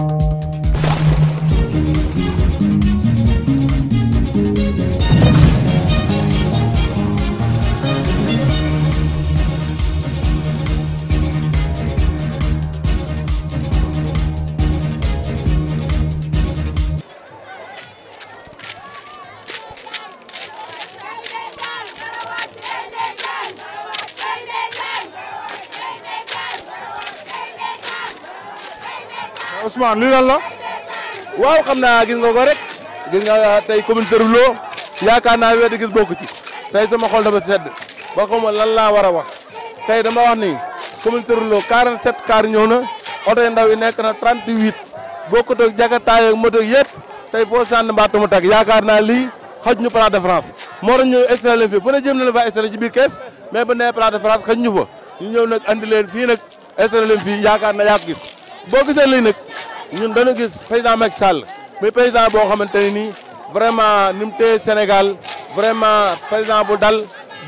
you Ousmane lii lan la. waaw xamna gis nga ko rek gis nga tay commune Kër yaaka na naa gis bokku ci tay sama xol dafa sedd ba xaw ma lan la wara wax tay dama wax ni commune Kër 47 car ñëw na oto yu ndaw yi nekk na 38 bokkut ak jakartaay ak moto yépp tay bo sand mbaatu mu tag yaaka na li xaj ñu place de France mo ra ñu extra leen fi bu ne jëm na ba fa extra ci biir kees mais bu ne place de France xaj ñu fa ñu ñëw nak andi leen fi nak extra leen fii yaakaar na yaak gis boo gisee lii nag ñun dañu gis président Macky Sall muy président boo xamante ne nii vraiment ni mu téye Sénégal vraiment président bu dal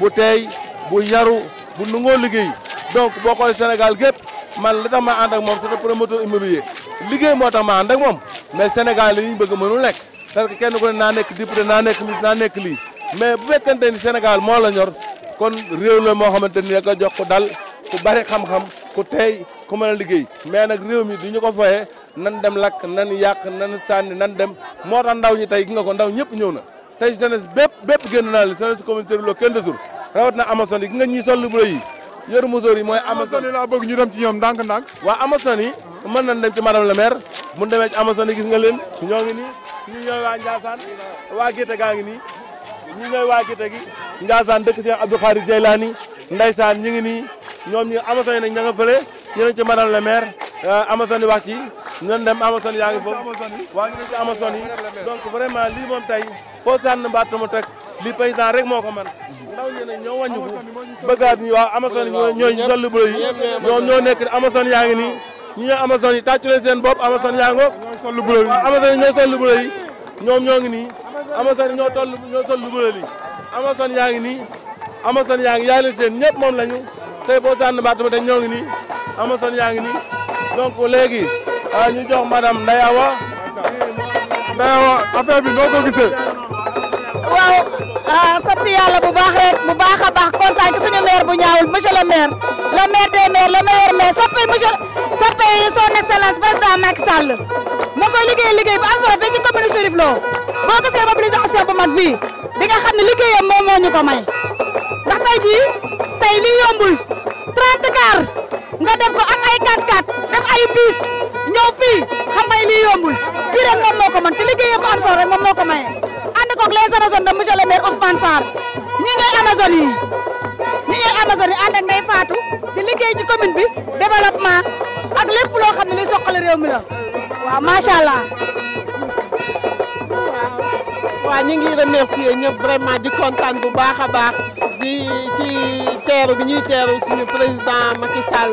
bu teey bu yaru bu nungoo liggéey donc boo xoolee Sénégal gépp man li tax ma ànd ak moom c'est un promoteur immobilier liggéey moo tax ma ànd moom mais Sénégal yi ñu bëgg mënul nekk parce que kenn ku ne naa nekk député naa nekk ministre naa nekk lii mais bu fekkente ni Sénégal moo la ñor kon réew la moo xamante ni jox ko dal ku bari xam-xam ku teey ku mën a liggéey mais nag réew mi du ñu ko foyee nan dem lakk nan yàq nan sànni nan dem moo tax ndaw ñi tey gi nga ko ndaw ñëpp ñëw na tey jeunesse bépp bépp génn naa leen jeunesse communautaire loo kenn desul rawat na Amazone yi gi nga sol lu yi yor musóor mooy Amazone yi laa bëgg ñu dem ci ñoom ndànk-ndànk waaw Amazone yi mën nañ dem ci madame le mun demee ci yi gis nga leen ñoo ngi nii ñu ñooy waa Ndiassane waa Gété gaa ngi nii ñu ñooy waa Gété gi Ndiassane dëkk Cheikh Abdou Khadir Jeylaani ndeysaan ñu ngi nii ñoom ñi Amazone yi ña nga ñu leen ci madame le maire euh, Amazone yi wax yi donc vraiment lii moom tey foo sànn mbatt mu teg lii paysan rek moo ko man ndaw ñi ne ñoo wàññiku bëggaat ñi waaw Amazone yi ñooy sollu ñoom ñoo nekk Amazone yaa ngi ni ñi ñoo Amazone yi tàccu leen seen bopp Amazone yaa ngoog sollu bulo yi Amazone yi ñooy sollu ñoom ñoo ngi nii Amazone yi ñoo toll ñoo sollu bulo yi yaa ngi nii Amazone yaa ngi yaay leen seen ñëpp moom lañu tey boo sànn mbatt mu teg ñoo ngi nii Amazone yaa ngi nii donc léegi ah, ñu jox madame Ndeye Awa. Ndeye Awa affaire noo ko gisee. waaw ah, sant yàlla bu baax rek bu baax a baax kontaan ci suñu bu ñaawul monsieur le maire le maire des maires le meilleur maire soppe monsieur soppe son excellence président Macky Sall mu ngi liggéey liggéey bu am solo fii ci commune Chérif Lo boo gisee mobilisation bu mag bii di xam ne liggéeyam moom ñu ko may tey jii tey lii yombul 30 car. nga def ko ak ay 4-4 def ay bis ñëw fii xam ngay lii yombul moom moo ko mën te rek moom moo ko maye. ànd koog les amazones de monsieur le maire Ousmane ngay amazones yi ñi ngay amazones yi ànd ak Ndeye Fatou ci commune bi développement ak lépp loo xam ne luy soqale réew mi la waaw macha allah. waaw ñu ngi remercier ñëpp vraiment bu baax a di ci teeru bi ñuy teeru suñu président Macky Sall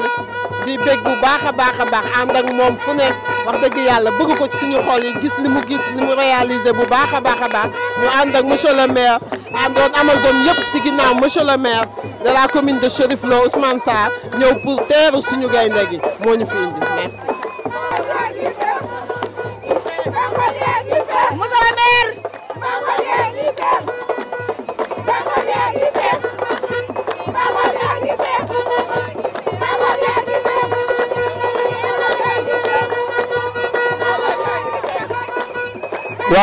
di bég bu baax a baax a baax ànd ak moom fu nekk wax dëgg yàlla bëgg ko ci suñu xol yi gis li mu gis li mu réalisé bu baax a baax a baax ñu ànd ak monsieur le maire àndoon Amazone yëpp ci ginnaaw monsieur le maire la commune de Cherif Lo Ousmane Sarr ñëw pour teeru suñu gaynde gi moo ñu fi indi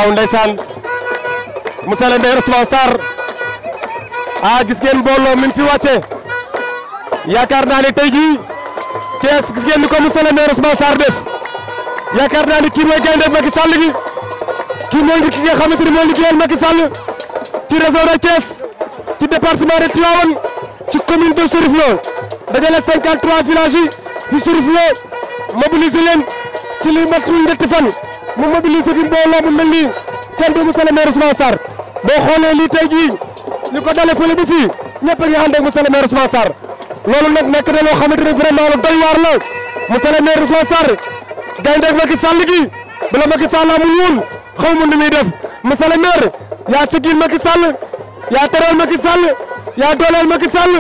waaw ndeysaan monsieur le maire Ousmane Sarr ah gis ngeen mbooloo mi fi wàcce yaakaar naa ne tey jii Thiès gis ngeen ni ko monsieur le maire Ousmane Sarr def yaakaar naa ni kii mooy gaynde Macky Sall gi kii mooy ki nga xamante ni mooy liggéeyal Macky Sall ci réseau de Thiès ci département de Tivaouane ci commune de Chérif Lo dajale 53 villages yi fi Chérif Lo mobiliser leen ci li mat ñetti fan. mu mobiliser fi mbolo mu melni nii kenn du maire Ousmane sar bo xolé li tay ji li ko dalee fële ba fii ñëpp a ngi ànd ak monsieur maire Ousmane sar lolu nak nek na lo xamanteni vraiment lu doy war la monsieur le maire Ousmane sar gaynde ak Macky Sall gi bla Macky Sall amul woon xawmu ni nu def monsieur le maire ya sigil Macky Sall ya terel Macky Sall ya dooleel Macky Sall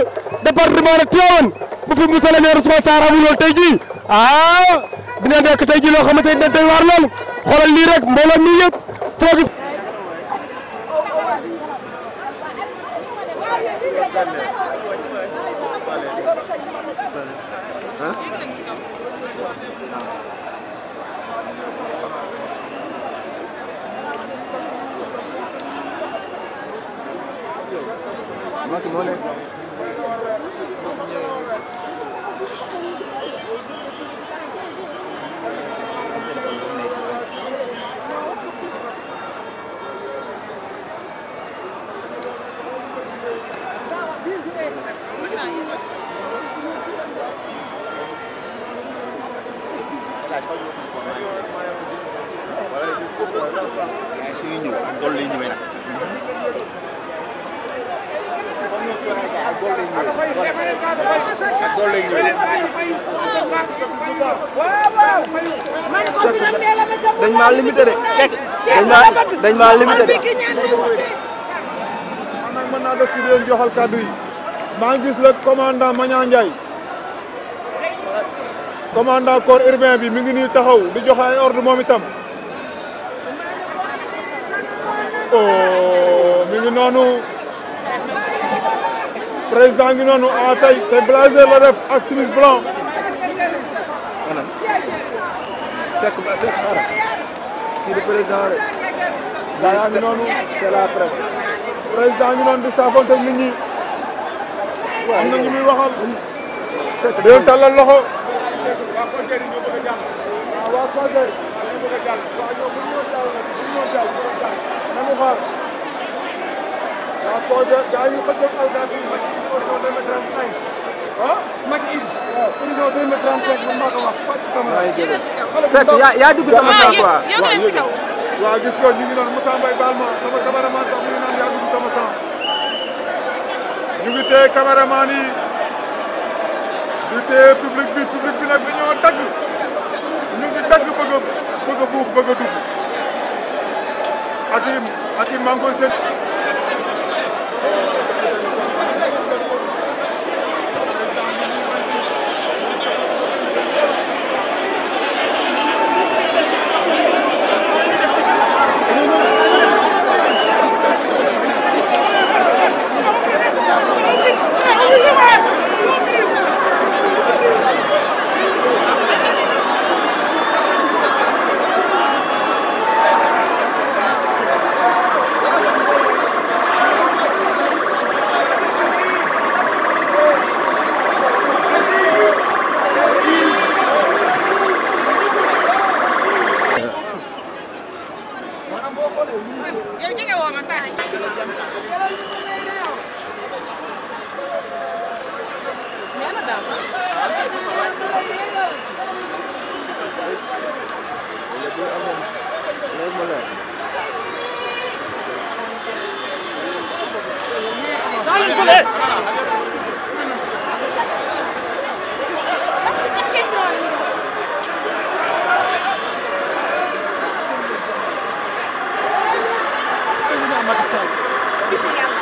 département de Tivaouane bu fi monsieur le maire Ousmane Sarr amul woon tey jii ah dina nekk tey jii loo xamante lool xoolal lii rek mbooloo mi yëpp foo gis. Mati, mole. waaye suñuy ñëw am doole lay ñëwee nag. dañ maa limité de. dañ maa dañ de. man mën naa def si leen joxal kaddu yi. maa ngi gis le commandant Maña Ndiaye. commandant corps bi mi ngi nii taxaw di joxe ay moom itam. oh mi ngi noonu président ngi noonu ah tey tey blazer la def ak simis blanc. kii di président rek. daa ngi noonu c'est la président ngi noonu di saafonte nit ñi. am na ñu muy waxal. di leen loxo. a a jàll. Ah, waaw ñoo nañu xool daa koo jël daa sama saako waaw yow gis nga ñu noonu Moussa Mbaye baal ma sama cameraman sax mi ngi naan yaa dugg sama sang ñu ngi téye cameraman yi di public bi public bi nag dañoo dagg ñu ngi dagg bëgg a bëgg a Hakim Hakim maa ngi koy seet sai, goleiro! Obrigada.